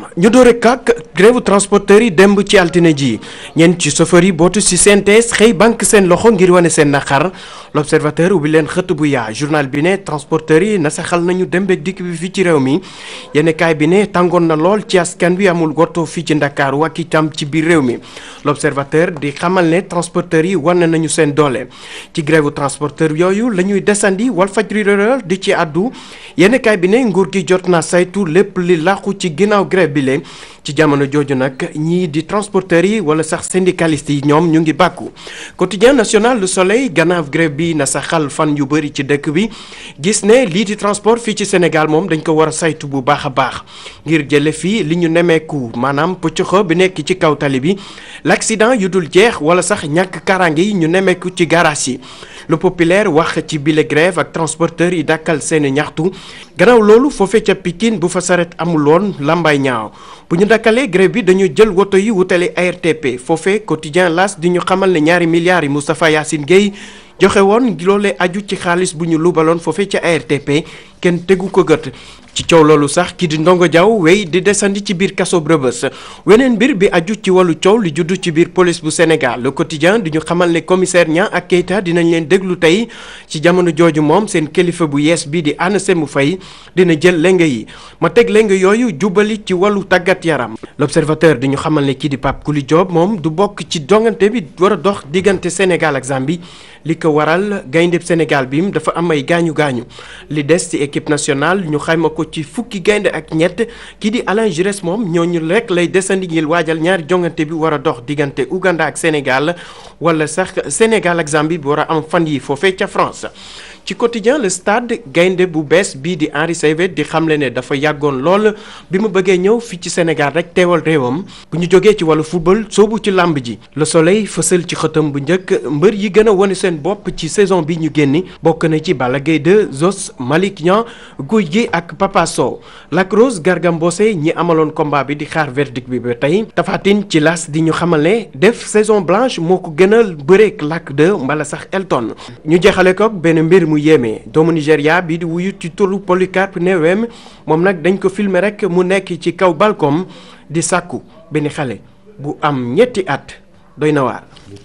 jàmm ñu doore kàkk grève transporteurs yi demb ci altine ji ñenn ci chauffeur yi bootu ci CNTS xëy banque seen loxo ngir wane seen naqar l'observateur ubbi leen xët bu yaa journal bi ne transporteurs yi nasaxal nañu dembeeg dikk bi fii ci réew mi yenn kaay bi ne tàngoon na lool ci askan wi amul goto fii ci ndakaaru ak itam ci biir réew mi l'observateur di xamal ne transporteurs yi wane nañu seen doole ci grève transporteur yooyu lañuy ñuy desandi Walfadjri di ci àddu yenn kaay bi bile ci jamono jooju nag ñii di transporteurs yi wala sax syndicalistes yi ñoom ñu ngi bàkku quotidien national lu Soleil gannaaw grève bi na xal fan yu bëri ci dëkk bi gis ne lii di transport fii ci Sénégal moom dañ ko war a saytu bu baax a baax ngir jële fii li ñu nemeeku maanaam pëccoxo bi nekk ci kaw tali bi l'accident yu dul jeex wala sax ñàkk karange yi ñu nemeeku ci garage yi Le Populaire wax ci bile grève ak transporteurs yi dàkkal seeni ñaxtu ginnaaw bu ñu dakkalee grève bi dañu jël woto yi wutale ARTP foofee quotidien las di ñu xamal ne ñaari milliards yi Moustapha Yacine Gueye joxe woon loolee aju ci xaalis bu ñu lubaloon foofee ca airtp kenn tegu ko gët ci coow loolu sax ki di ndongo jaww wey di desandi ci biir kaso Rebeuss weneen mbir bi aju ci wàllu coow li juddu ci biir police bu Sénégal le quotidien di ñu xamal ne commissaire Niang ak Keita dinañ leen déglu tey ci jamono jooju moom seen kilifa bu yees bi di Anna Sémou fay dina jël lenga yi ma teg lenga yooyu jubali ci wàllu tàggat yaram l'observateur di ñu xamal ne kii di Pape Kouli Diop moom du bokk ci dongante bi war a dox diggante Sénégal ak Zambie li ko waral gayndeb Sénégal bi dafa am ay gaañu gaañu équipe national ñu xayma ko ci fukki gaynde ak ñett kii di Alain Giresse moom ñooñu rek lay desandi ngir waajal ñaari jongante bi war a dox diggante uganda ak Sénégal wala sax Sénégal ak Zambie bi war a am fan yi foofee ca France ci quotidien le stade gaynde bu bees bii di Henri Saivet di xamle ne dafa yàggoon lool bi ma bëggee ñëw fii ci Sénégal rek teewal réewam bu ñu jógee ci wala football soobu ci làmb ji le soleil fësal ci xëtam bu njëkk mbër yi gën a wane seen bopp ci saison bi ñu génni bokk na ci Balla Gaye 2 Zos Malick Niang Gouye ak Papa Sow Lac Rose Garga ñi amaloon combat bi di xaar verdict bi ba tey Tapha ci las di ñu xamale def saison blanche moo ko gënal bëreek Lac 2 sax Elton ñu jeexale ko yéeme doomu Nigéria bi di wuyu ci turu Polycarpe Newem moom nag dañ ko filmer rek mu nekk ci kaw balcon di sàkku benn xale bu am ñetti at doy na